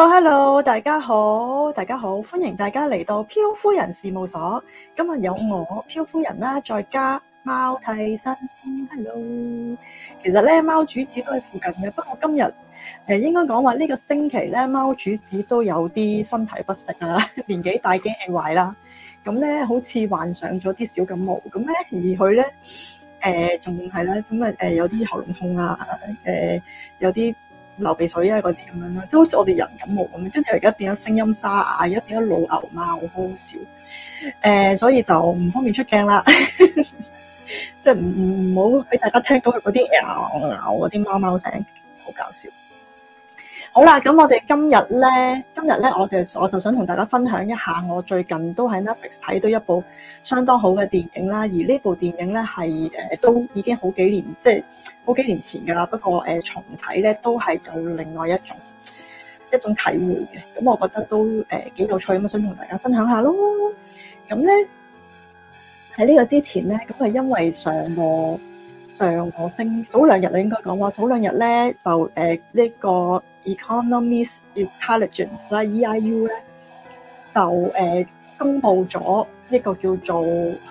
Hello, Hello，大家好，大家好，歡迎大家嚟到漂夫人事務所。今日有我漂夫人啦，再加貓替身。Hello，其實咧貓主子都係附近嘅，不過今日誒、呃、應該講話呢個星期咧貓主子都有啲身體不適啦，年紀大驚了，天氣壞啦，咁咧好似患上咗啲小感冒，咁咧而佢咧誒仲係咧咁啊誒有啲喉嚨痛啊，誒、呃、有啲。流鼻水啊，嗰啲咁樣啦，即係好似我哋人感冒咁樣，跟住而家變咗聲音沙啞，而家變咗老牛貓，好好笑。誒、呃，所以就唔方便出鏡啦，即係唔唔好俾大家聽到佢嗰啲嘩嘩嗰啲貓貓聲，好搞笑。好啦，咁我哋今日咧，今日咧，我其實我就想同大家分享一下，我最近都喺 Netflix 睇到一部。相當好嘅電影啦，而呢部電影咧係誒都已經好幾年，即係好幾年前㗎啦。不過誒重睇咧都係有另外一種一種體會嘅。咁我覺得都誒幾、呃、有趣咁，想同大家分享一下咯。咁咧喺呢個之前咧，咁係因為上個上個星早兩日你應該講話，早兩日咧就誒、呃這個、呢個 Economist Intelligence 啦，E I U 咧就誒公布咗。呃一個叫做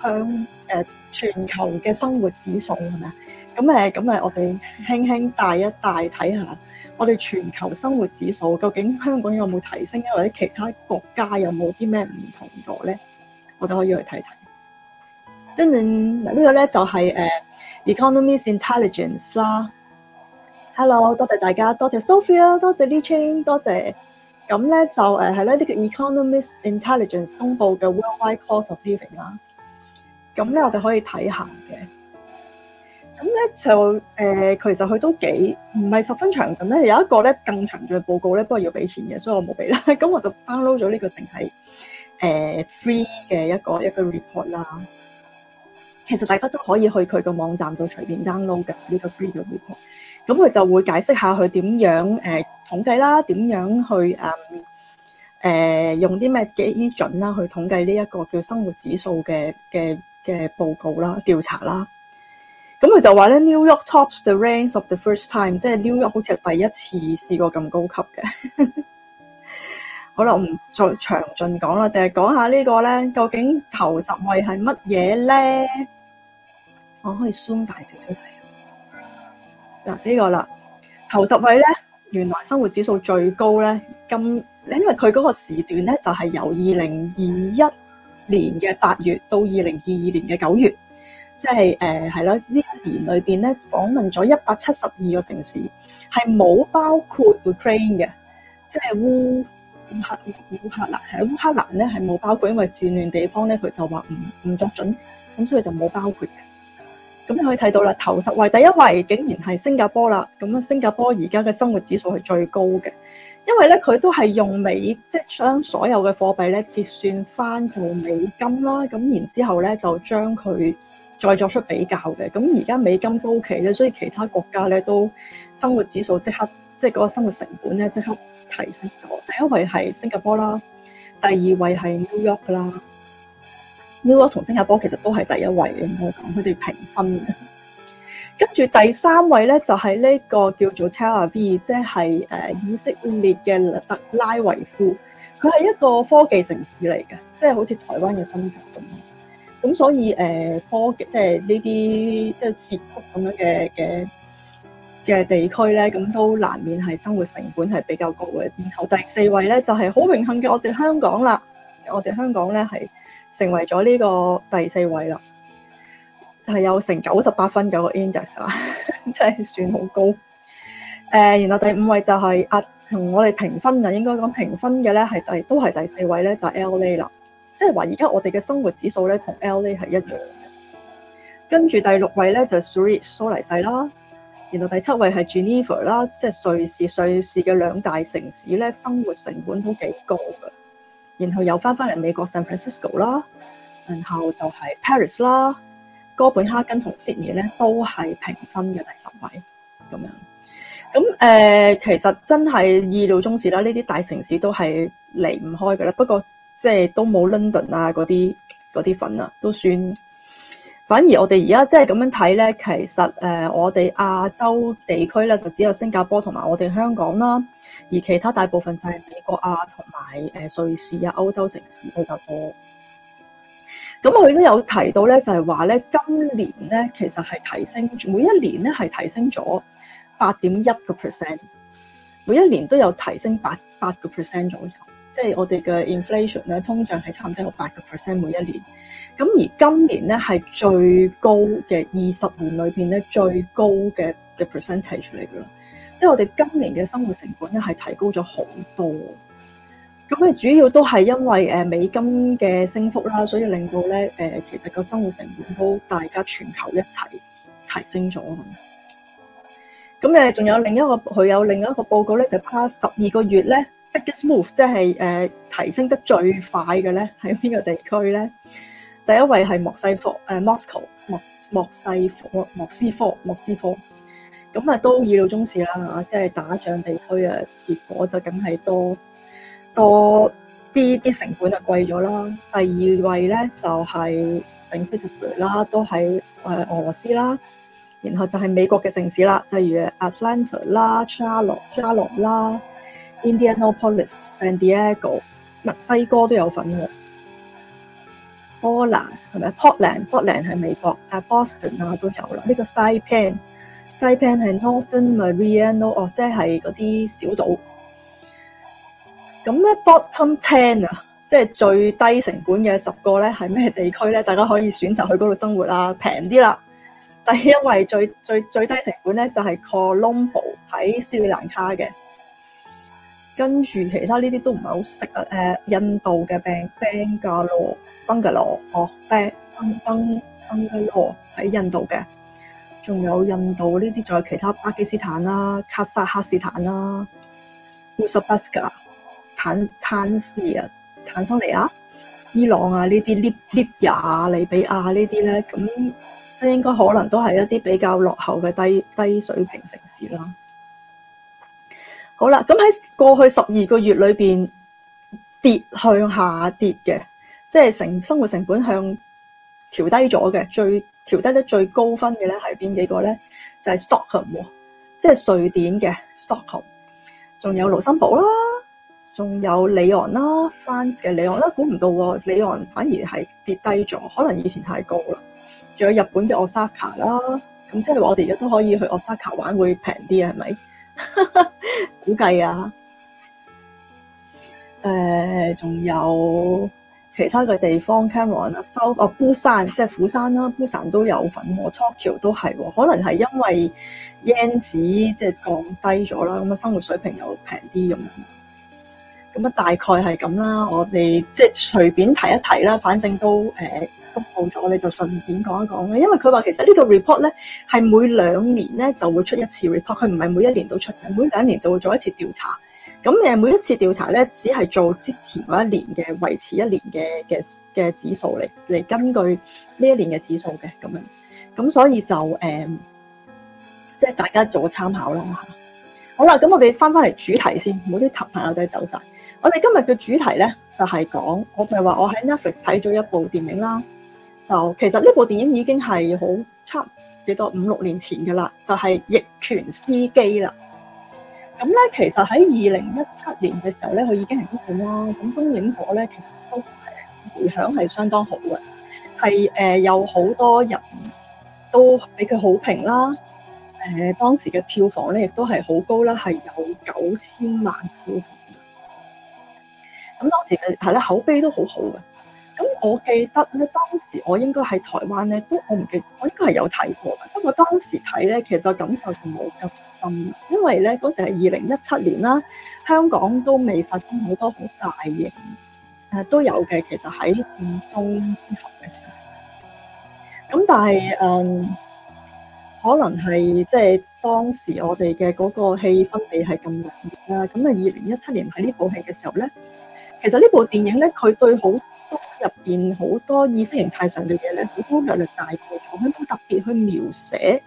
香誒、呃、全球嘅生活指數係咪啊？咁誒咁誒，呃、我哋輕輕帶一帶睇下，我哋全球生活指數究竟香港有冇提升，或者其他國家有冇啲咩唔同咗咧？我哋可以去睇睇。跟、這、住、個、呢個咧就係、是、誒、呃、Economy Intelligence 啦。Hello，多謝大家，多謝 Sophia，多謝 d i c h n g 多謝。咁咧就係咧，呢個 Economist Intelligence 公布嘅 Worldwide Cost of Living 啦。咁咧我哋可以睇下嘅。咁咧就誒、呃，其實佢都幾唔係十分詳盡嘅咧。有一個咧更詳盡嘅報告咧，不過要俾錢嘅，所以我冇俾啦。咁我就 download 咗呢個淨係誒 free 嘅一個一個 report 啦。其實大家都可以去佢個網站度隨便 download 嘅呢個 free 嘅 report。咁佢就會解釋下佢點樣誒，呃統計啦，點樣去誒誒用啲咩基準啦去統計呢一個叫生活指數嘅嘅嘅報告啦調查啦。咁佢就話咧，New York tops the ranks of the first time，即係 New York 好似係第一次試過咁高級嘅。好啦，我唔再詳盡講啦，就係講下呢個咧，究竟頭十位係乜嘢咧？我可以 zoom 大少少。嗱，呢個啦，頭十位咧。原來生活指數最高咧，咁因為佢嗰個時段咧，就係由二零二一年嘅八月到二零二二年嘅九月，即係誒，係啦，呢一年裏邊咧，訪問咗一百七十二個城市，係冇包括 Ukraine 嘅，即係烏烏克烏克蘭係烏克蘭咧係冇包括，因為戰亂地方咧，佢就話唔唔作準，咁所以就冇包括嘅。咁你可以睇到啦，頭十位第一位竟然係新加坡啦。咁啊，新加坡而家嘅生活指數係最高嘅，因為咧佢都係用美，即係將所有嘅貨幣咧折算翻做美金啦。咁然之後咧就將佢再作出比較嘅。咁而家美金高企咧，所以其他國家咧都生活指數即刻，即係嗰個生活成本咧即刻提升咗。第一位係新加坡啦，第二位係 New York 啦。英國同新加坡其實都係第一位嘅，我講佢哋平分嘅。跟住第三位咧，就係呢個叫做 Tel Aviv，即係誒以色列嘅特拉維夫。佢係一個科技城市嚟嘅，即係好似台灣嘅新竹咁。咁所以誒科技，即係呢啲即係矽谷咁樣嘅嘅嘅地區咧，咁都難免係生活成本係比較高嘅。然後第四位咧，就係好榮幸嘅我哋香港啦。我哋香港咧係。成為咗呢個第四位啦，係、就是、有成九十八分嘅 index 啊，真係算好高。誒、呃，然後第五位就係阿同我哋評分啊，應該講評分嘅咧係第都係第四位咧，就係、是、L A 啦，即係話而家我哋嘅生活指數咧同 L A 係一樣嘅。跟住第六位咧就瑞士蘇黎世啦，然後第七位係 Geneva 啦，即係瑞士瑞士嘅兩大城市咧，生活成本都幾高嘅。然後又返返嚟美國 San Francisco 啦，然後就係 Paris 啦、哥本哈根同 Sydney 咧都係平分嘅第十位咁樣。咁誒、呃，其實真係意料中事啦。呢啲大城市都係離唔開嘅咧。不過即係都冇 London 啊嗰啲啲粉啊，都算。反而我哋而家即係咁樣睇咧，其實誒、呃，我哋亞洲地區咧就只有新加坡同埋我哋香港啦。而其他大部分就係美國啊，同埋誒瑞士啊，歐洲城市比較多。咁佢都有提到咧，就係話咧，今年咧其實係提升，每一年咧係提升咗八點一個 percent，每一年都有提升八八個 percent 左右，即係我哋嘅 inflation 咧，通脹係差唔多八個 percent 每一年。咁而今年咧係最高嘅二十年裏邊咧最高嘅嘅 percentage 嚟嘅咯。即係我哋今年嘅生活成本咧係提高咗好多，咁佢主要都係因為誒美金嘅升幅啦，所以令到咧誒其實個生活成本都大家全球一齊提升咗。咁誒仲有另一個佢有另一個報告咧，就過十二個月咧，biggest move，即係誒提升得最快嘅咧，喺邊個地區咧？第一位係莫斯科誒、啊，Moscow，莫莫西莫莫斯科莫斯科。咁啊，都意料中事啦即係打仗地區啊，結果就梗係多多啲啲成本就貴咗啦。第二位咧就係明斯克啦，都喺誒俄羅斯啦。然後就係美國嘅城市啦，例如 Atlanta 啦、Charlo、Charlo、Indianapolis、San Diego，墨西哥都有份嘅。波蘭，係咪 Portland？Portland 係美國，但 Boston 啊都有啦。呢、這個西平。西潘係 Northern Maldives 哦，即係嗰啲小島。咁咧 Bottom Ten 啊，即係最低成本嘅十個咧，係咩地區咧？大家可以選擇去嗰度生活啦，平啲啦。第一位最最最低成本咧，就係 Colombo 喺斯里蘭卡嘅。跟住其他呢啲都唔係好識啊，誒，印度嘅病 Bangla 咯，Bangla 哦、Bung、，Bang Bangalore 喺印度嘅。仲有印度呢啲，仲有其他巴基斯坦啦、卡薩克斯坦啦、烏沙巴斯噶坦坦斯啊、坦桑尼亞、伊朗啊呢啲，利利比亞、利比亞呢啲咧，咁都應該可能都係一啲比較落後嘅低低水平城市啦。好啦，咁喺過去十二個月裏邊跌向下跌嘅，即係成生活成本向調低咗嘅最。調低得最高分嘅咧，係邊幾個咧？就係 Stockholm 喎，即係瑞典嘅 Stockholm，仲有盧森堡啦，仲有里昂啦，France 嘅里昂啦，估唔到喎，里昂反而係跌低咗，可能以前太高啦。仲有日本嘅 Osaka 啦，咁即係話我哋而家都可以去 Osaka 玩會平啲啊，係咪？哈哈 估計啊，誒、呃，仲有。其他嘅地方 Cameron 啦，首哦 Busan 即係釜山啦，Busan 都有份 Tokyo 都係喎，可能係因為煙子即係、就是、降低咗啦，咁啊生活水平又平啲咁樣。咁啊大概係咁啦，我哋即係隨便提一提啦，反正都誒都報咗我哋就順便講一講啦，因為佢話其實這個呢個 report 咧係每兩年咧就會出一次 report，佢唔係每一年都出緊，每兩年就會做一次調查。咁誒每一次調查咧，只係做之前嗰一年嘅維持一年嘅嘅嘅指數嚟嚟根據呢一年嘅指數嘅咁樣，咁所以就誒，即、嗯、係、就是、大家做個參考啦嚇。好啦，咁我哋翻翻嚟主題先，唔好啲頭髮又都走晒。我哋今日嘅主題咧就係、是、講，我咪話我喺 Netflix 睇咗一部電影啦。就其實呢部電影已經係好差多幾多五六年前嘅啦，就係、是《逆權司機》了啦。咁咧，其實喺二零一七年嘅時候咧，佢已經係一款啦。咁《風影火》咧，其實都誒迴響係相當好嘅，係誒、呃、有好多人都俾佢好評啦。誒、呃、當時嘅票房咧，亦都係好高啦，係有九千萬票房。咁當時係咧口碑都好好、啊、嘅。咁我記得咧，當時我應該喺台灣咧，都我唔記，我應該係有睇過嘅。不過當時睇咧，其實感受就冇咁。咁，因為咧嗰時係二零一七年啦，香港都未發生好多好大型，誒都有嘅。其實喺戰爭之後嘅事，咁但係誒，可能係即係當時我哋嘅嗰個氣氛係係咁熱烈啦。咁啊，二零一七年睇呢部戲嘅時候咧，其實呢部電影咧，佢對好多入邊好多意識形態上嘅嘢咧，好忽略嘅大部，佢冇特別去描寫。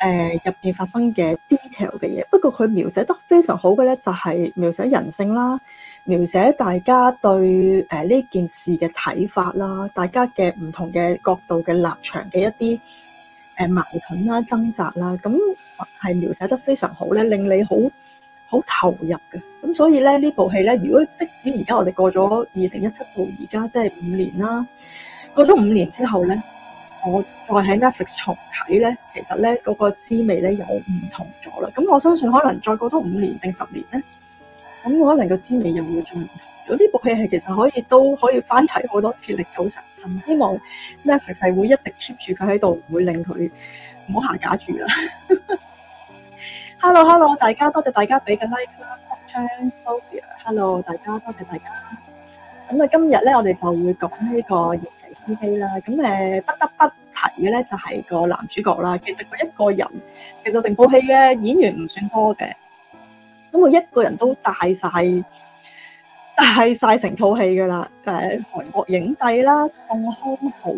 誒，入邊發生嘅 detail 嘅嘢，不過佢描寫得非常好嘅咧，就係描寫人性啦，描寫大家對誒呢件事嘅睇法啦，大家嘅唔同嘅角度嘅立場嘅一啲誒矛盾啦、掙扎啦，咁係描寫得非常好咧，令你好好投入嘅。咁所以咧，呢部戲咧，如果即使而家我哋過咗二零一七到而家即係五年啦，過咗五年之後咧。我再喺 Netflix 重睇咧，其實咧嗰、個滋味咧又唔同咗啦。咁我相信可能再過多五年定十年咧，咁可能個滋味又會仲唔同。咁呢部戲係其實可以都可以翻睇好多次嚟嘅，好神！希望 Netflix 係會一直 keep 住佢喺度，唔會令佢唔好下架住啦。Hello，Hello， hello，大家多謝大家俾嘅 Like，張 Sophia，Hello，大家多謝大家。咁啊，今日咧我哋就會講呢、個。戲啦，咁誒不得不提嘅咧就係個男主角啦。其實佢一個人，其實成部戲嘅演員唔算多嘅，咁佢一個人都帶晒帶晒成套戲噶啦。誒，韓國影帝啦，宋康昊。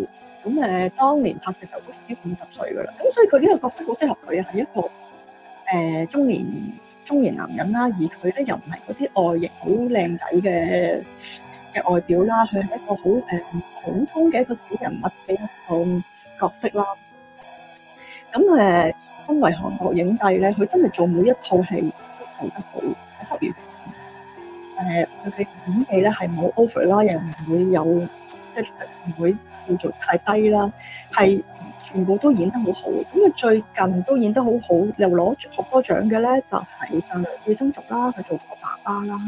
咁誒當年拍嘅時候都已經五十歲噶啦，咁所以佢呢個角色好適合佢，係一個誒中年中年男人啦，而佢咧又唔係嗰啲外形好靚仔嘅。外表啦，佢係一個好誒普通嘅一個小人物嘅一個角色啦。咁誒，身為韓國影帝咧，佢真係做每一套戲都做得好，喺特別誒，佢、呃、嘅演技咧係冇 over 啦，又唔會有即係唔會叫做太低啦，係全部都演得好好。咁佢最近都演得好好，又攞好多獎嘅咧，就係、是《生、呃、寄生族》啦，佢做個爸爸啦。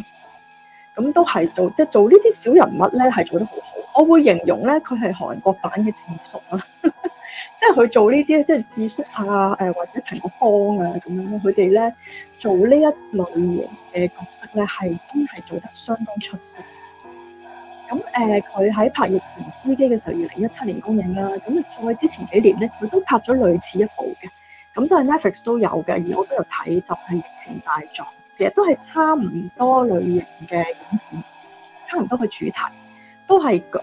咁都係做即係、就是、做呢啲小人物咧，係做得好好。我會形容咧，佢係韓國版嘅智叔，呵呵是做這些是自啊，即係佢做呢啲即係智叔啊，誒或者陳國邦啊，咁樣，佢哋咧做呢一類型嘅角色咧，係真係做得相當出色。咁誒，佢、呃、喺拍《逆權司機》嘅時候，二零一七年公映啦、啊。咁再之前幾年咧，佢都拍咗類似一部嘅。咁但係 Netflix 都有嘅，而我都有睇，就係、是《逆權大作》。其實都係差唔多類型嘅影片，差唔多嘅主題，都係誒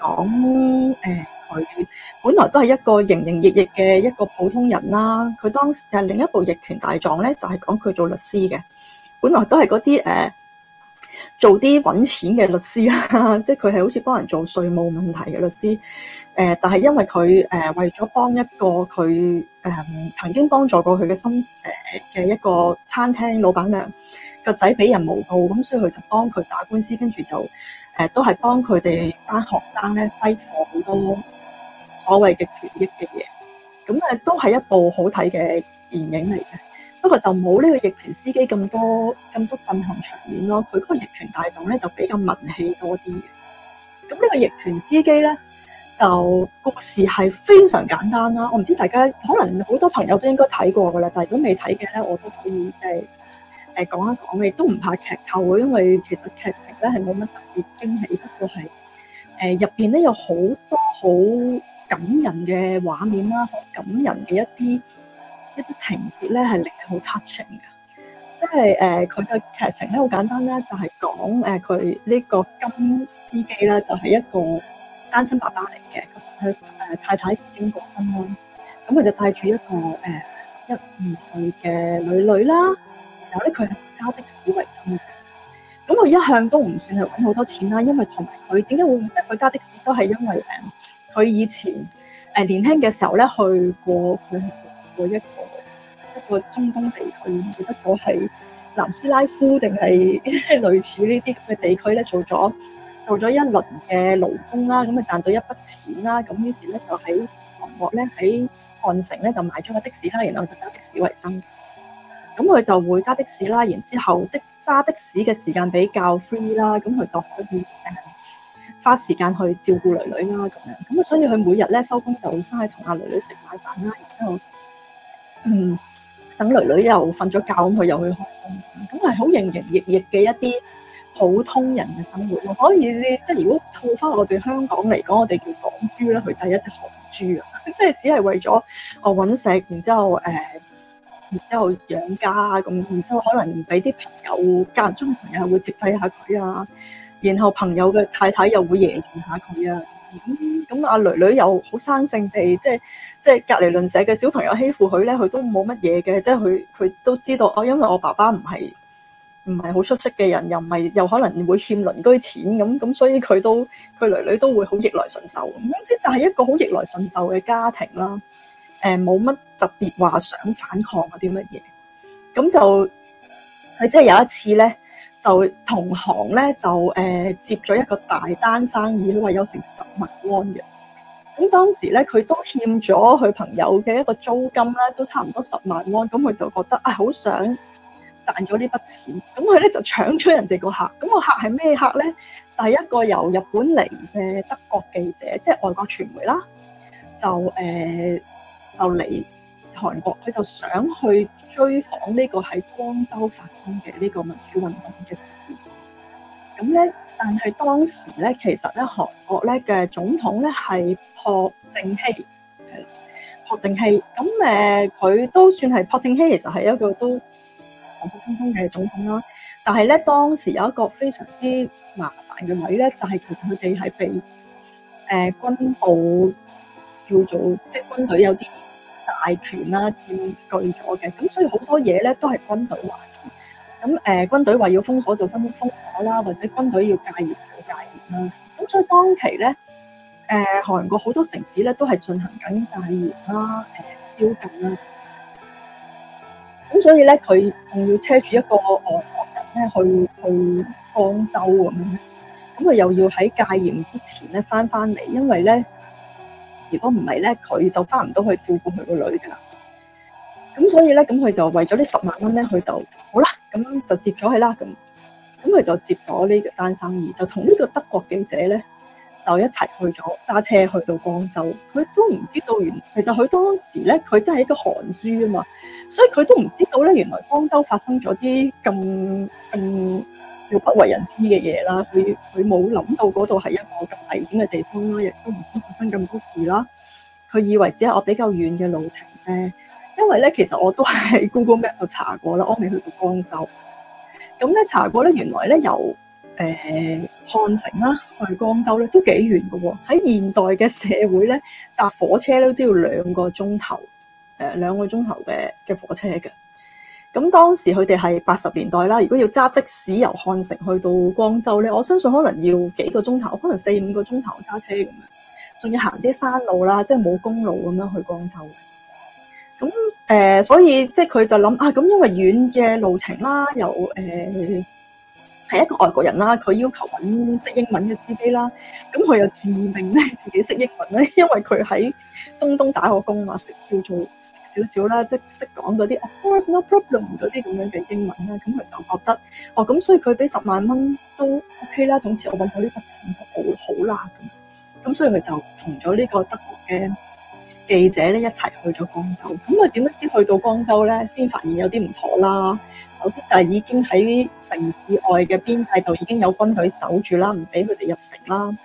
講誒佢本來都係一個營營役役嘅一個普通人啦。佢當時誒另一部《逆權大狀》咧，就係講佢做律師嘅，本來都係嗰啲誒做啲揾錢嘅律師啦，即係佢係好似幫人做稅務問題嘅律師。誒、呃，但係因為佢誒、呃、為咗幫一個佢。誒、嗯，曾經幫助過佢嘅心姐嘅一個餐廳老闆娘個仔俾人誣告，咁所以佢就幫佢打官司，跟住就誒、呃、都係幫佢哋班學生咧揮霍好多所謂嘅權益嘅嘢。咁誒都係一部好睇嘅電影嚟嘅，不過就冇呢個逆權司機咁多咁多震撼場面咯。佢嗰個逆權大狀咧就比較文氣多啲嘅。咁呢個逆權司機咧？就故事係非常簡單啦，我唔知大家可能好多朋友都應該睇過噶啦，但係如果未睇嘅咧，我都可以誒誒、呃、講一講嘅，都唔怕劇透嘅，因為其實劇情咧係冇乜特別驚喜，不過係誒入邊咧有好多好感人嘅畫面啦，好感人嘅一啲一啲情節咧係令人好 touching 嘅，即係誒佢嘅劇情咧好簡單咧，就係、是、講誒佢呢個金司機啦，就係、是、一個。單親爸爸嚟嘅，佢誒、呃、太太英國出啦。咁佢就帶住一個誒、呃、一二歲嘅女女啦。然後咧佢係揸的士為生嘅、啊，咁佢一向都唔算係揾好多錢啦、啊，因為同埋佢點解會即係佢揸的士都係因為誒，佢、呃、以前誒、呃、年輕嘅時候咧去過佢過一個一個中東地區，唔記得咗係南斯拉夫定係 類似呢啲嘅地區咧做咗。做咗一輪嘅勞工啦，咁啊賺到一筆錢啦，咁於是咧就喺韓國咧喺漢城咧就買咗個的士啦，然後就揸的士為生。咁佢就會揸的士啦，然之後即揸的士嘅時間比較 free 啦，咁佢就可以花時間去照顧女女啦，咁樣。咁啊，所以佢每日咧收工就會翻去同阿女女食飯飯啦，然之後嗯等女女又瞓咗覺，咁佢又去開工。咁係好營營役役嘅一啲。普通人嘅生活，可、嗯、以你即係如果套翻我哋香港嚟講，我哋叫港豬啦，佢就係一隻韓豬啊，即係只係為咗我揾食，然之後誒，然之後養家啊咁，然之後可能俾啲朋友，間中嘅朋友會接濟下佢啊，然後朋友嘅太太又會爺住下佢啊，咁咁阿囡囡又好生性地，即係即係隔離鄰舍嘅小朋友欺負佢咧，佢都冇乜嘢嘅，即係佢佢都知道，哦，因為我爸爸唔係。唔係好出色嘅人，又唔係又可能會欠鄰居錢咁咁，所以佢都佢女女都會好逆來順受，咁即係一個好逆來順受嘅家庭啦。誒、呃，冇乜特別話想反抗啊啲乜嘢，咁就佢即係有一次咧，就同行咧就誒、呃、接咗一個大單生意，佢、就、話、是、有成十萬安嘅。咁當時咧佢都欠咗佢朋友嘅一個租金咧，都差唔多十萬安，咁佢就覺得啊，好、哎、想。賺咗呢筆錢，咁佢咧就搶咗人哋個客。咁個客係咩客咧？第一個由日本嚟嘅德國記者，即係外國傳媒啦，就誒、呃、就嚟韓國，佢就想去追訪呢個喺光州發生嘅呢個民主運動嘅事。咁咧，但係當時咧，其實咧，韓國咧嘅總統咧係朴正熙，係朴正熙咁誒，佢都算係朴正熙，其實係一個都。普普通通嘅總統啦，但係咧當時有一個非常之麻煩嘅位咧，就係同佢哋係被誒、呃、軍部叫做即係軍隊有啲大權啦、啊、佔據咗嘅，咁所以好多嘢咧都係軍隊話事。咁誒、呃、軍隊話要封鎖就紛封鎖啦，或者軍隊要戒嚴就戒嚴啦。咁所以當期咧，誒、呃、韓國好多城市咧都係進行緊戒嚴啦、啊，誒宵禁啦。所以咧，佢仲要車住一個外國人咧去去光州咁樣，咁佢又要喺戒嚴之前咧翻翻嚟，因為咧如果唔係咧，佢就翻唔到去照顧佢個女噶。咁所以咧，咁佢就為咗呢十萬蚊咧去到，好啦，咁就接咗佢啦。咁，咁佢就接咗呢單生意，就同呢個德國記者咧就一齊去咗揸車去到光州。佢都唔知道原來，其實佢當時咧，佢真係一個寒豬啊嘛～所以佢都唔知道咧，原來光州發生咗啲咁咁要不為人知嘅嘢啦。佢佢冇諗到嗰度係一個咁危險嘅地方啦，亦都唔知發生咁多事啦。佢以為只係我比較遠嘅路程啫，因為咧，其實我都喺 Google Map 度查過啦，我未去過光州。咁咧查過咧，原來咧由誒漢城啦去光州咧都幾遠嘅喎。喺現代嘅社會咧，搭火車都都要兩個鐘頭。誒兩個鐘頭嘅嘅火車嘅，咁當時佢哋係八十年代啦。如果要揸的士由漢城去到光州咧，我相信可能要幾個鐘頭，可能四五個鐘頭揸車咁樣，仲要行啲山路啦，即係冇公路咁樣去光州。咁誒、呃，所以即係佢就諗啊，咁因為遠嘅路程啦，又誒係一個外國人啦，佢要求揾識英文嘅司機啦。咁佢又自命咧自己識英文咧，因為佢喺東東打過工啊，叫做。少少啦，即係識講嗰啲，of course no problem 啲咁樣嘅英文啦，咁佢就覺得，哦，咁所以佢俾十萬蚊都 OK 啦，總之我揾到呢筆錢好好啦，咁咁所以佢就同咗呢個德國嘅記者咧一齊去咗光州，咁啊點樣先去到光州咧，先發現有啲唔妥啦，首先就係已經喺城市外嘅邊界度已經有軍隊守住啦，唔俾佢哋入城啦。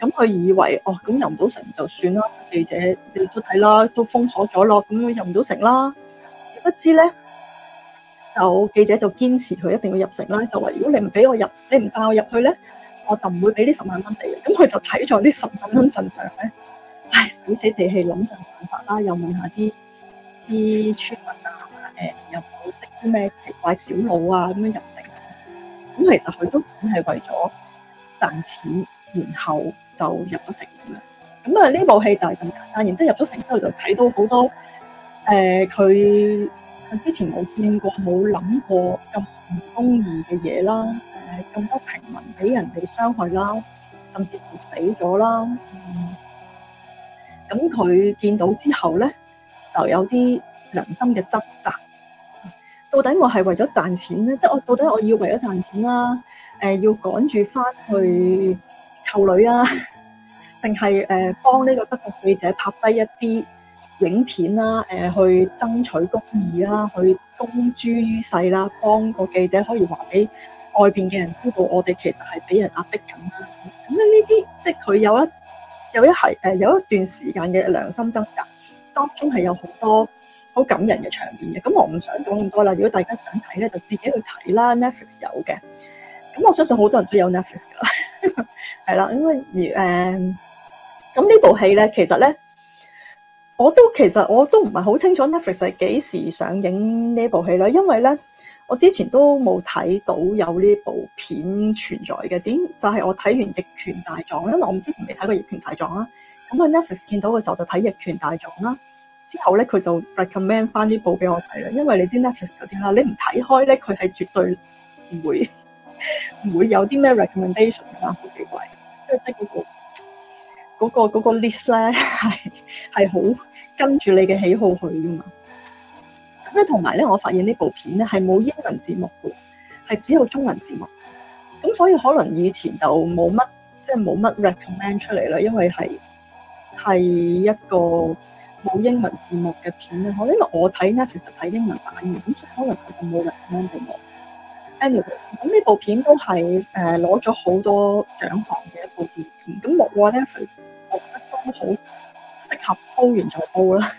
咁佢以為哦，咁入唔到城就算啦。記者你都睇啦，都封鎖咗咯，咁樣入唔到城啦。不知咧，就記者就堅持佢一定要入城啦。就話如果你唔俾我入，你唔帶我入去咧，我就唔會俾呢十萬蚊你。咁佢就睇咗呢十萬蚊份上咧，唉死死地氣諗盡辦法啦，又問下啲啲村民啊，誒、呃、又有冇識啲咩奇怪小路啊，咁樣入城。咁其實佢都只係為咗賺錢，然後。就入咗城咁樣，咁啊呢部戲就係咁簡單。然之後入咗城之後就睇到好多誒，佢、呃、之前冇見過、冇諗過咁唔公義嘅嘢啦，誒咁多平民俾人哋傷害啦，甚至乎死咗啦。咁、嗯、佢見到之後咧，就有啲良心嘅掙扎。到底我係為咗賺錢咧？即、就、係、是、我到底我要為咗賺錢啦？誒、呃、要趕住返去。嗯臭女啊！定係誒，幫、呃、呢個德國記者拍低一啲影片啦，誒、呃，去爭取公義啦，去公諸於世啦，幫個記者可以話俾外邊嘅人知道，我哋其實係俾人壓迫緊。咁咧呢啲，即係佢有一有一係誒、呃，有一段時間嘅良心掙扎當中，係有好多好感人嘅場面嘅。咁我唔想講咁多啦。如果大家想睇咧，就自己去睇啦。Netflix 有嘅。咁我相信好多人都有 Netflix 噶。 係啦，因為而誒，咁、呃、呢部戲咧，其實咧，我都其實我都唔係好清楚 Netflix 係幾時上映呢部戲啦，因為咧，我之前都冇睇到有呢部片存在嘅。點？但係我睇完《逆權大狀》，因為我唔之前未睇過《逆權大狀》啦。咁啊，Netflix 見到嘅時候就睇《逆權大狀》啦。之後咧，佢就 recommend 翻呢部俾我睇啦。因為你知 Netflix 嗰啲啦，你唔睇開咧，佢係絕對唔會唔 會有啲咩 recommendation 啊，好奇怪。即係嗰個嗰個嗰個 list 咧，係係好跟住你嘅喜好去噶嘛。咁咧同埋咧，我發現呢部片咧係冇英文字幕嘅，係只有中文字幕。咁所以可能以前就冇乜即係冇乜 recommend 出嚟啦，因為係係一個冇英文字幕嘅片咧。可因為我睇咧，其實睇英文版嘅，咁所以可能佢冇 recommend 到。咁、anyway, 呢部片都係誒攞咗好多獎項嘅一部片，咁我話咧佢我覺得都好適合煲完就煲啦。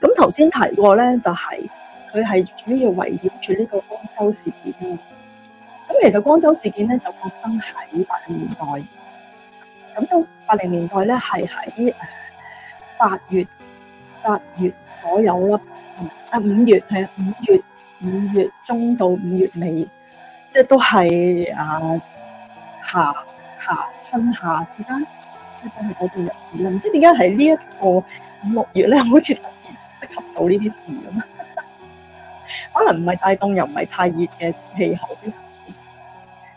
咁頭先提過咧，就係佢係主要圍繞住呢個光州事件。咁其實光州事件咧就發生喺八零年代，咁到八零年代咧係喺八月八月。8月所有啦，啊五月係啊五月，五月中到五月尾，即係都係啊夏夏春夏之間，都係 𠮶 段日子啦。唔知點解係呢一個五六月咧，好似特別適合到呢啲事咁，可能唔係太凍又唔係太熱嘅氣候。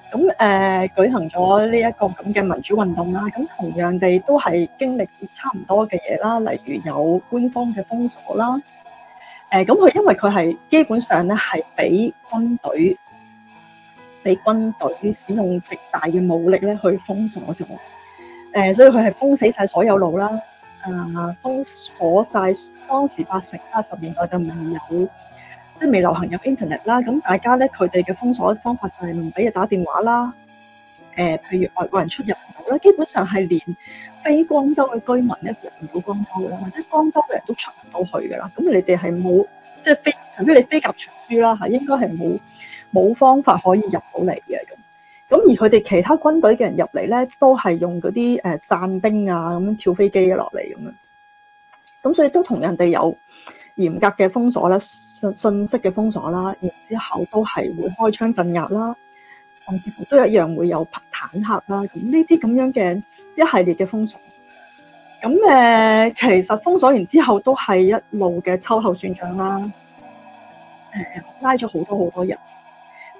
咁誒、呃、舉行咗呢一個咁嘅民主運動啦，咁同樣地都係經歷差唔多嘅嘢啦，例如有官方嘅封鎖啦，誒咁佢因為佢係基本上咧係俾軍隊，俾軍隊使用極大嘅武力咧去封鎖咗，誒、呃、所以佢係封死晒所有路啦，啊、呃、封鎖晒當時百姓啦，甚至乎嘅民營。即係未流行入 internet 啦，咁大家咧佢哋嘅封鎖方法就係唔俾人打電話啦，誒、呃，譬如外國人出入唔到啦，基本上係連非光州嘅居民入唔到光州啦，或者光州嘅人都出唔到去噶啦，咁你哋係冇即係飛除非你飛鴿傳書啦吓，應該係冇冇方法可以入到嚟嘅咁，咁而佢哋其他軍隊嘅人入嚟咧，都係用嗰啲誒傘兵啊咁樣跳飛機落嚟咁樣，咁所以都同人哋有嚴格嘅封鎖啦。信信息嘅封鎖啦，然之後都係會開槍鎮壓啦，甚至乎都一樣會有坦克啦。咁呢啲咁樣嘅一系列嘅封鎖，咁誒其實封鎖完之後都係一路嘅秋後算賬啦，拉咗好多好多人，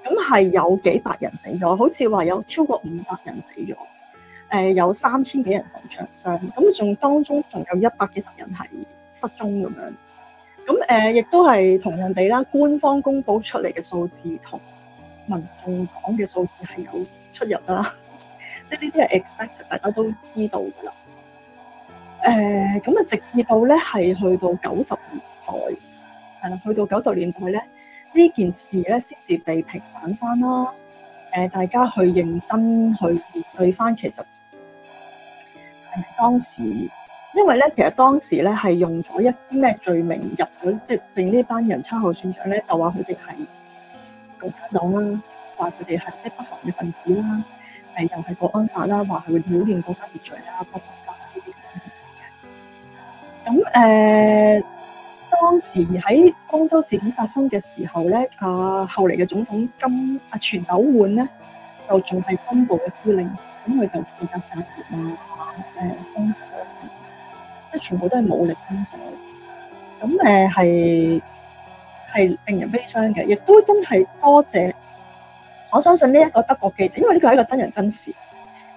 咁係有幾百人死咗，好似話有超過五百人死咗，誒有三千幾人受傷，咁仲當中仲有一百幾十人係失蹤咁樣。咁誒，亦都係同人哋啦。官方公佈出嚟嘅數字同民眾講嘅數字係有出入啦，即係呢啲係 expect，大家都知道㗎啦。誒、呃，咁啊，直至到咧係去到九十年代，係啦，去到九十年代咧，呢件事咧先至被平反返啦。誒、呃，大家去認真去面對返，其實係當時。因為咧，其實當時咧係用咗一啲咩罪名入罪，即係令呢班人七后選長咧就話佢哋係共黨啦，話佢哋係即不法嘅分子啦，呃、又係國安法啦，話係挑戰國家秩序啦，國家呢啲咁嘅。咁 誒、呃，當時喺光州事件發生嘅時候咧，啊、呃、後嚟嘅總統金啊全斗煥咧就仲係軍部嘅司令，咁、嗯、佢就負責解決啦，誒、呃。全部都係武力攻死，咁誒係係令人悲傷嘅，亦都真係多謝。我相信呢一個德國記者，因為呢個係一個真人真事。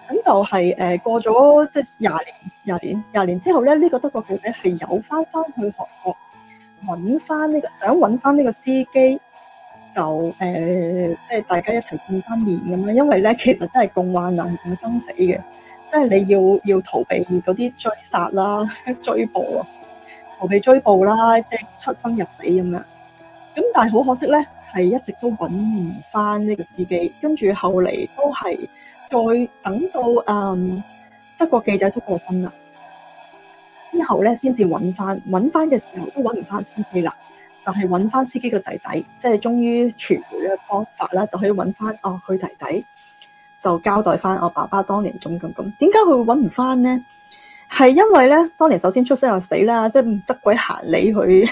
咁就係誒過咗即係廿年、廿年、廿年之後咧，呢、這個德國記者係有翻翻去韓國，揾翻呢、這個想揾翻呢個司機，就誒即係大家一齊見翻面咁樣，因為咧其實都係共患難共生死嘅。即係你要要逃避嗰啲追殺啦、追捕啊，逃避追捕啦，即係出生入死咁樣。咁但係好可惜咧，係一直都揾唔翻呢個司機。跟住後嚟都係再等到嗯德國記者都過身啦，之後咧先至揾翻，揾翻嘅時候都揾唔翻司機啦，就係揾翻司機個弟弟，即係終於傳媒嘅方法啦，就可以揾翻哦佢弟弟。就交代翻我爸爸當年種咁咁，點解佢會揾唔翻咧？係因為咧，當年首先出生又死啦，即係唔得鬼閒理佢，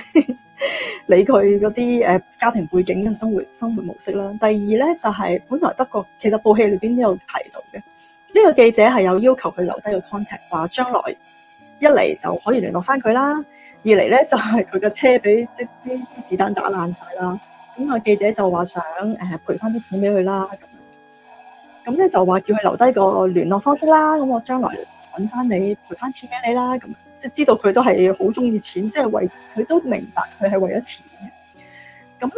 理佢嗰啲誒家庭背景嘅生活生活模式啦。第二咧就係、是、本來德國其實部戲裏邊都有提到嘅，呢、這個記者係有要求佢留低個 contact，話將來一嚟就可以聯絡翻佢啦，二嚟咧就係佢嘅車俾即啲子彈打爛曬啦。咁、那個記者就話想誒賠翻啲錢俾佢啦。咁即就話叫佢留低個聯絡方式啦，咁我將來揾翻你賠翻錢俾你啦，咁即係知道佢都係好中意錢，即係為佢都明白佢係為咗錢嘅。咁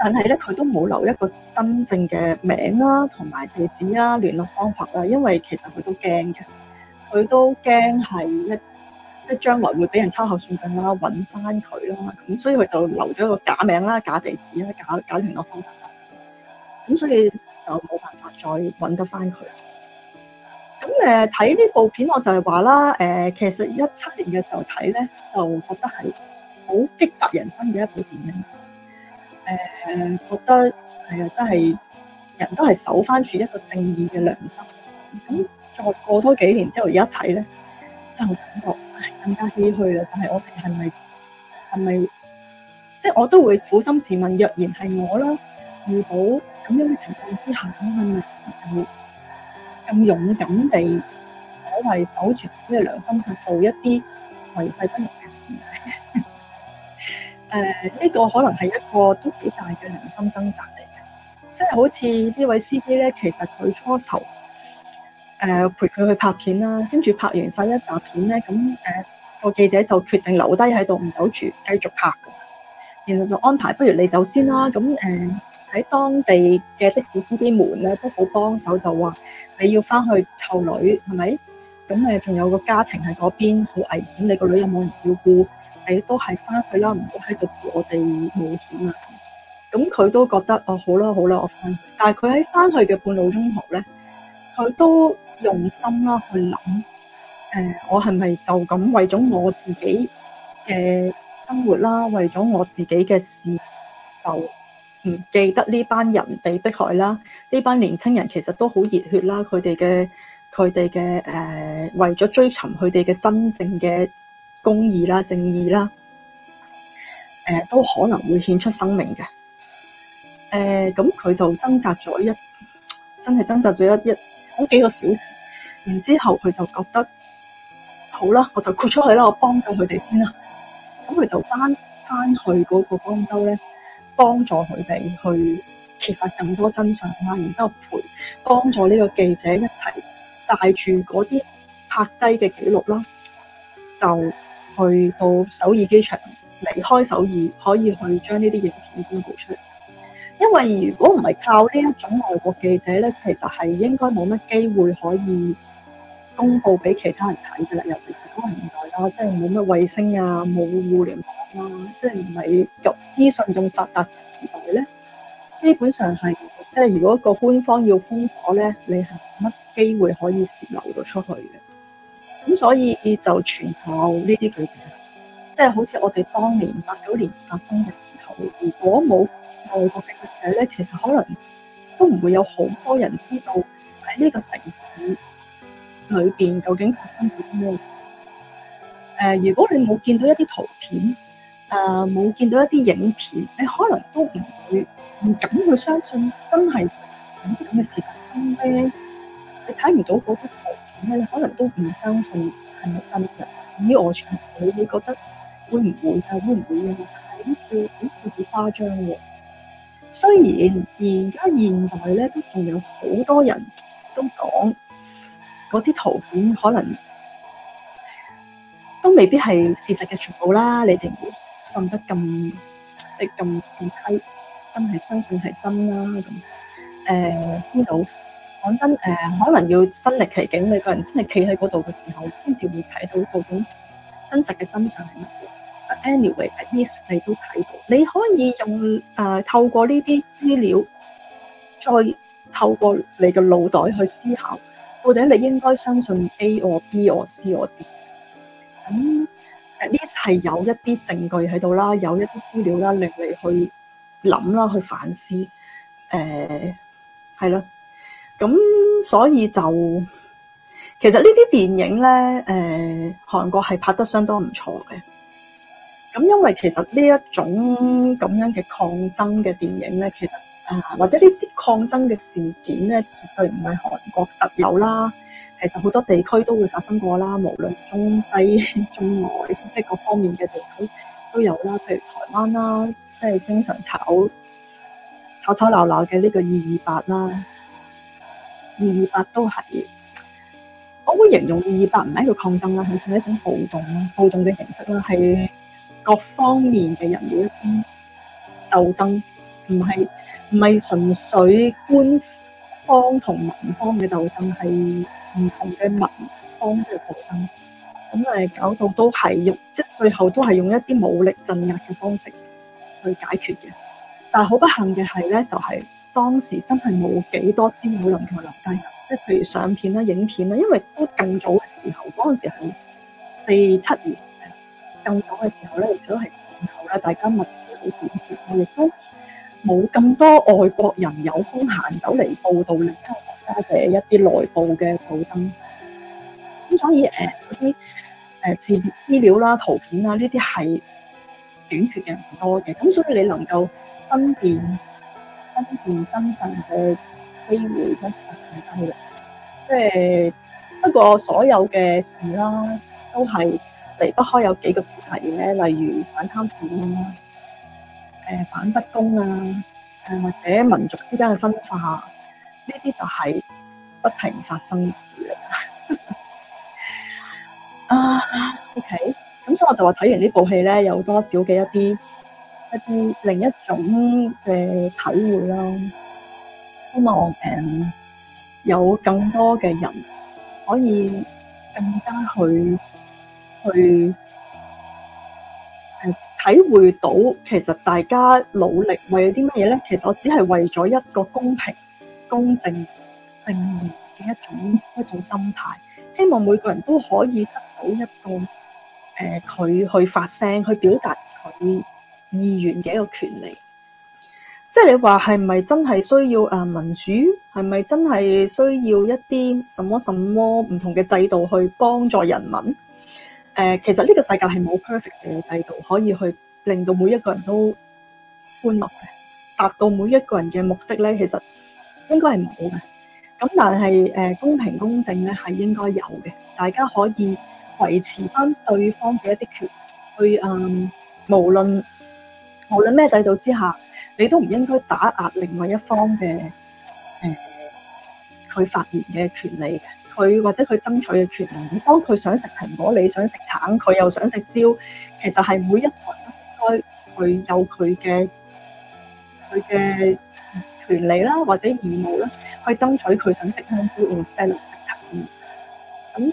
但係咧，佢都冇留一個真正嘅名啦，同埋地址啦，聯絡方法啦，因為其實佢都驚嘅，佢都驚係一即係將來會俾人秋後算賬啦，揾翻佢啦。咁所以佢就留咗個假名啦，假地址啦，假假聯絡方法啦。咁所以。就冇辦法再揾得翻佢。咁誒，睇、呃、呢部片我就係話啦，誒、呃，其實一七年嘅時候睇咧，就覺得係好激發人心嘅一部電影。誒、呃，覺得係啊，真、呃、係人都係守翻住一個正義嘅良心。咁再過多幾年之後看，而家睇咧，真係感覺更加唏噓啦。但係我哋係咪係咪，即係、就是、我都會苦心自問：若然係我啦，如果咁樣嘅情況之下，咁佢咪咁勇敢地，所謂守住自己嘅良心，去做一啲為世不容嘅事。誒、 呃，呢、這個可能係一個都幾大嘅良心掙扎嚟嘅，即、就、係、是、好似呢位司機咧，其實佢初頭誒、呃、陪佢去拍片啦，跟住拍完晒一集片咧，咁誒個記者就決定留低喺度唔走住，繼續拍，然後就安排，不如你先走先、啊、啦，咁誒。呃喺當地嘅的士司機們咧都好幫手，就話你要翻去湊女係咪？咁誒仲有個家庭喺嗰邊好危險，你個女有冇人照顧？你都係翻去啦，唔好喺度陪我哋冒險啊！咁佢都覺得哦好啦好啦，我翻。但係佢喺翻去嘅半路中途咧，佢都用心啦去諗誒，我係咪就咁為咗我自己嘅生活啦，為咗我自己嘅事就，唔記得呢班人被迫害啦，呢班年青人其實都好熱血啦，佢哋嘅佢哋嘅誒，為咗追尋佢哋嘅真正嘅公義啦、正義啦，誒、呃、都可能會獻出生命嘅。誒咁佢就掙扎咗一，真係掙扎咗一一好幾個小時，然之後佢就覺得好啦，我就豁出去啦，我幫到佢哋先啦。咁佢就返返去嗰個光州咧。幫助佢哋去揭發更多真相啦，然之後陪幫助呢個記者一齊帶住嗰啲拍低嘅記錄啦，就去到首爾機場離開首爾，可以去將呢啲影片公佈出嚟。因為如果唔係靠呢一種外國記者咧，其實係應該冇乜機會可以。公布俾其他人睇嘅啦，尤其是嗰個年代啦，即係冇咩衛星啊，冇互聯網啦、啊，即係唔係個資訊咁發達嘅年代咧。基本上係，即係如果個官方要封鎖咧，你係冇乜機會可以洩漏到出去嘅。咁所以就全靠呢啲舉證。即係好似我哋當年八九年發生嘅時候，如果冇外國嘅記者咧，其實可能都唔會有好多人知道喺呢個城市。裏邊究竟發生咗咩？誒，如果你冇見到一啲圖片，誒，冇見到一啲影片，你可能都唔會唔敢去相信真係咁樣嘅事發生咧。你睇唔到嗰啲圖片咧，可能都唔相信係咪真嘅。咦，我同你，你覺得會唔會啊？會唔會啊？好似好似好誇張嘅。雖然而家現代咧，都仲有好多人都講。嗰啲圖片可能都未必係事實嘅全部啦，你哋信得咁即係咁咁低，真係相信係真啦咁？誒，資料講真誒，可能要身歷其境，你個人真係企喺嗰度嘅時候，先至會睇到嗰種真實嘅真相係乜嘢。Anyway，at least 你都睇到，你可以用誒透過呢啲資料，再透過你嘅腦袋去思考。或者你應該相信 A 我 B 我 C 我 D，咁誒呢係有一啲證據喺度啦，有一啲資料啦，令你去諗啦，去反思誒係囉。咁、呃、所以就其實呢啲電影咧，誒、呃、韓國係拍得相當唔錯嘅。咁因為其實呢一種咁樣嘅抗爭嘅電影咧，其實。啊、或者呢啲抗爭嘅事件咧，絕對唔係韓國特有啦。其實好多地區都會發生過啦，無論中西中外，即係各方面嘅地區都有啦。譬如台灣啦，即係經常炒吵吵鬧鬧嘅呢個二二八啦，二二八都係我會形容二二八唔係一個抗爭啦，係一種暴動啦，暴動嘅形式啦，係各方面嘅人嘅一啲鬥爭，唔係。唔係純粹官方同民方嘅鬥爭，係唔同嘅民方嘅鬥爭，咁誒搞到都係用，即係最後都係用一啲武力鎮壓嘅方式去解決嘅。但係好不幸嘅係咧，就係、是、當時真係冇幾多資料能夠留低，即係譬如相片啦、影片啦，因為都更早嘅時候，嗰陣時係四七年更早嘅時候咧，亦都係戰後啦，大家物資好短缺，亦都。冇咁多外國人有空閒走嚟報道國家嘅一啲內部嘅矛盾，咁所以誒啲誒資料啦、圖片啊呢啲係短缺嘅，唔多嘅，咁所以你能夠分辨分辨真偽嘅機會咧就係低啦。即係不過所有嘅事啦，都係離不開有幾個前提咧，例如反貪腐啦。誒反不公啊，誒或者民族之間嘅分化，呢啲就係不停發生嘅。啊，OK，咁所以我就話睇完呢部戲咧，有多少嘅一啲一啲另一種嘅體會啦。希望誒有更多嘅人可以更加去去。誒，體會到其實大家努力為咗啲乜嘢咧？其實我只係為咗一個公平、公正、正義嘅一種一種心態，希望每個人都可以得到一個誒，佢、呃、去發聲、去表達佢意願嘅一個權利。即係你話係咪真係需要民主？係咪真係需要一啲什麼什麼唔同嘅制度去幫助人民？誒，其實呢個世界係冇 perfect 嘅制度可以去令到每一個人都歡樂嘅，達到每一個人嘅目的咧，其實應該係冇嘅。咁但係誒，公平公正咧係應該有嘅，大家可以維持翻對方嘅一啲權利去誒、嗯，無論無論咩制度之下，你都唔應該打壓另外一方嘅誒佢發言嘅權利嘅。佢或者佢爭取嘅權利，當佢想食蘋果，你想食橙，佢又想食蕉，其實係每一台都應該佢有佢嘅佢嘅權利啦，或者義務啦，去爭取佢想食香蕉，而你想食橙。咁、嗯、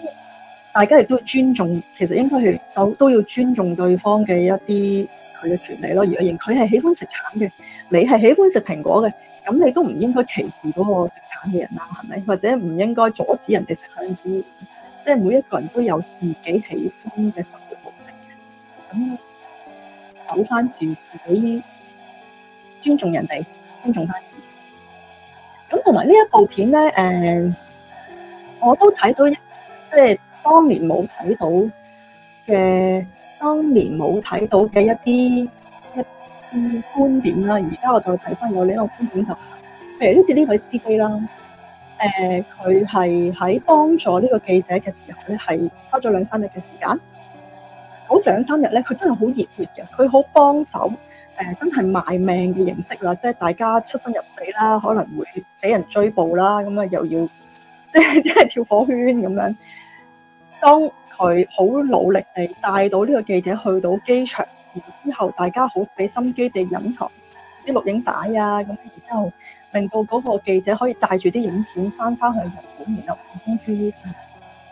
大家亦都尊重，其實應該係都都要尊重對方嘅一啲佢嘅權利咯。如果佢，佢係喜歡食橙嘅，你係喜歡食蘋果嘅，咁你都唔應該歧視嗰個嘅人啦，係咪？或者唔應該阻止人哋食香蕉？即係每一個人都有自己喜歡嘅生活模式。咁走翻住自己尊，尊重人哋，尊重翻自己。咁同埋呢一部片咧，誒、呃，我都睇到，一，即係當年冇睇到嘅，當年冇睇到嘅一啲一啲觀點啦。而家我再睇翻我呢個觀點就。譬如好似呢位司機啦，誒，佢係喺幫助呢個記者嘅時候咧，係花咗兩三日嘅時間。嗰兩三日咧，佢真係好熱血嘅，佢好幫手誒、呃，真係賣命嘅形式啦，即係大家出生入死啦，可能會俾人追捕啦，咁啊又要即係即係跳火圈咁樣。當佢好努力地帶到呢個記者去到機場，然之後大家好俾心機地隱藏啲錄影帶啊，咁然之後。令到嗰個記者可以帶住啲影片翻返去日本，然後講公主呢，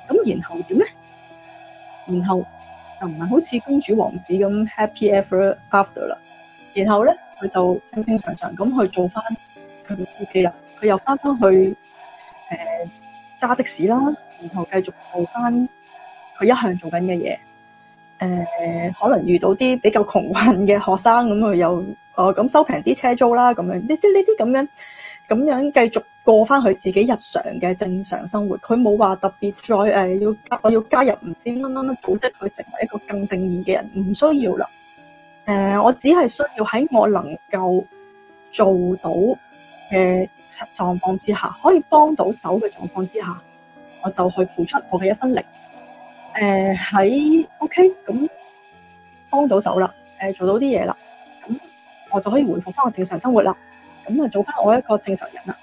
咁然後點咧？然後，然後就唔係好似公主王子咁 happy ever after 啦、呃。然後咧，佢就清清常常咁去做翻佢嘅司機啦。佢又翻返去誒揸的士啦，然後繼續做翻佢一向做緊嘅嘢。誒、呃，可能遇到啲比較窮困嘅學生咁，佢、嗯、又～哦，咁收平啲車租啦，咁樣，即係呢啲咁樣，咁樣繼續過返佢自己日常嘅正常生活。佢冇話特別再要、呃、我要加入唔知乜乜乜組織去成為一個更正義嘅人，唔需要啦、呃。我只係需要喺我能夠做到嘅狀況之下，可以幫到手嘅狀況之下，我就去付出我嘅一分力。喺、呃、OK，咁幫到手啦、呃，做到啲嘢啦。我就可以回復翻我正常生活啦，咁啊做翻我一個正常人啦。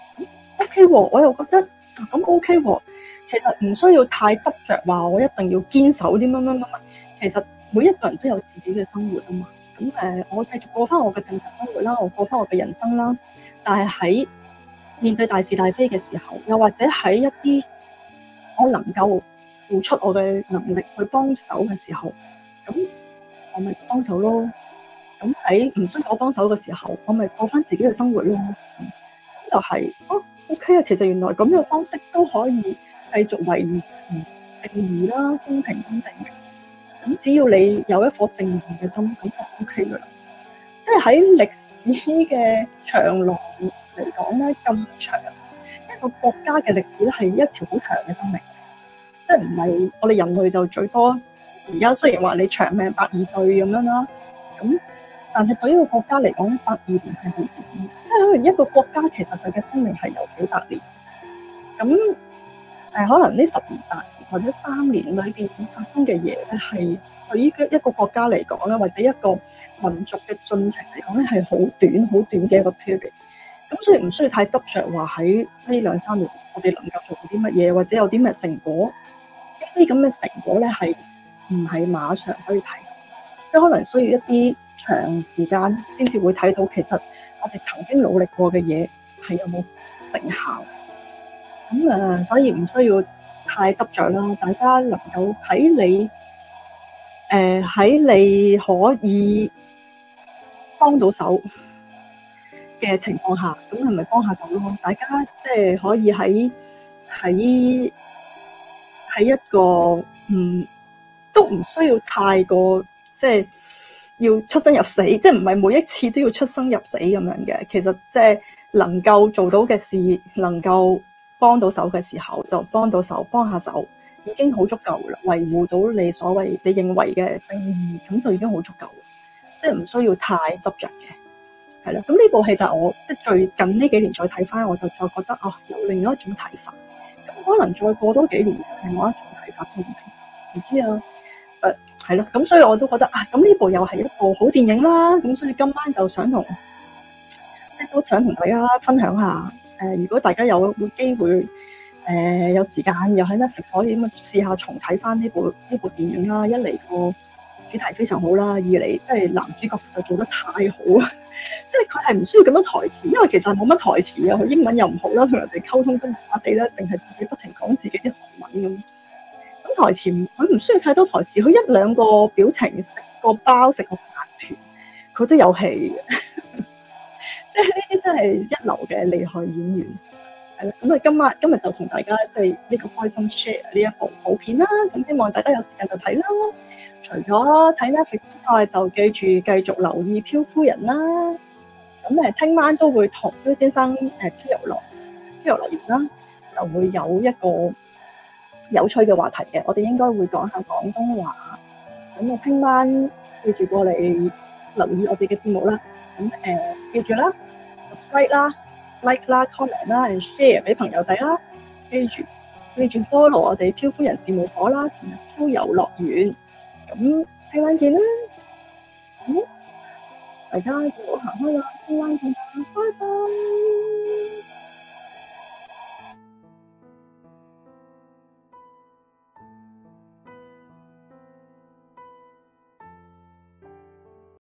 OK 啊，我又覺得咁 O K，其實唔需要太執着話我一定要堅守啲乜乜乜。其實每一個人都有自己嘅生活啊嘛。咁誒，我繼續過翻我嘅正常生活啦，我過翻我嘅人生啦。但係喺面對大是大非嘅時候，又或者喺一啲我能夠付出我嘅能力去幫手嘅時候，咁我咪幫手咯。咁喺唔需要我幫手嘅時候，我咪過翻自己嘅生活咯。咁就係、是，哦，O K 啊。Okay, 其實原來咁樣嘅方式都可以繼續維持正義啦，公平公正咁，只要你有一顆正義嘅心，咁就 O K 噶啦。即係喺歷史嘅長廊嚟講咧，咁長一個國家嘅歷史咧，係一條好長嘅生命。即係唔係我哋人類就最多而家雖然話你長命百二歲咁樣啦，咁。但係對於國家嚟講，百二年係好短，即係可能一個國家其實佢嘅生命係有幾百年。咁誒，可能呢十年八年或者三年裏邊發生嘅嘢，係對於一個國家嚟講咧，或者一個民族嘅進程嚟講咧，係好短、好短嘅一個 period。咁所以唔需要太執着話喺呢兩三年，我哋能夠做到啲乜嘢，或者有啲乜成果？一啲咁嘅成果咧，係唔係馬上可以睇到？即係可能需要一啲。長時間先至會睇到，其實我哋曾經努力過嘅嘢係有冇成效的。咁啊，所以唔需要太執著啦。大家能夠喺你誒喺、呃、你可以幫到手嘅情況下，咁係咪幫下手咯？大家即係可以喺喺喺一個嗯都唔需要太過即係。即係要出生入死，即係唔係每一次都要出生入死咁樣嘅。其實即係能夠做到嘅事，能夠幫到手嘅時候就幫到手，幫下手已經好足夠啦。維護到你所謂你認為嘅意義，咁就已經好足夠了，即係唔需要太執着嘅。係咯，咁呢部戲就是我即係最近呢幾年再睇返，我就就覺得啊、哦，有另外一種睇法。咁可能再過多幾年，我有另外一種睇法添，唔知啊。係咯，咁所以我都覺得啊，咁呢部又係一部好電影啦。咁所以今晚就想同都想同大家分享一下，誒、呃，如果大家有冇機會，誒、呃，有時間又喺 Netflix 可以咁試下重睇翻呢部呢部電影啦。一嚟個主題非常好啦，二嚟即係男主角實在做得太好啦，即係佢係唔需要咁多台詞，因為其實冇乜台詞啊，佢英文又唔好啦，同人哋溝通都麻麻地啦，淨係自己不停講自己啲韓文咁。台前佢唔需要太多台詞，佢一兩個表情，食個包，食個飯糰，佢都有戲嘅。即係呢啲真係一流嘅厲害演員。係啦，咁啊，今晚今日就同大家即係呢個開心 share 呢一部好片啦。咁希望大家有時間就睇啦。除咗睇 Netflix 之外，就記住繼續留意《飄夫人》啦。咁誒，聽晚都會同朱先生誒漂遊樂、漂遊樂園啦，就會有一個。有趣嘅話題嘅，我哋應該會講下廣東話。咁我聽晚記住過嚟留意我哋嘅節目啦。咁誒、呃，記住啦 subscribe 啦，like 啦，comment 啦 and，share 俾朋友睇啦。記住，記住 follow 我哋漂夫人事務所啦，漂遊樂園。咁聽晚見啦。好、嗯，大家早行開啦，聽晚見啦，拜拜。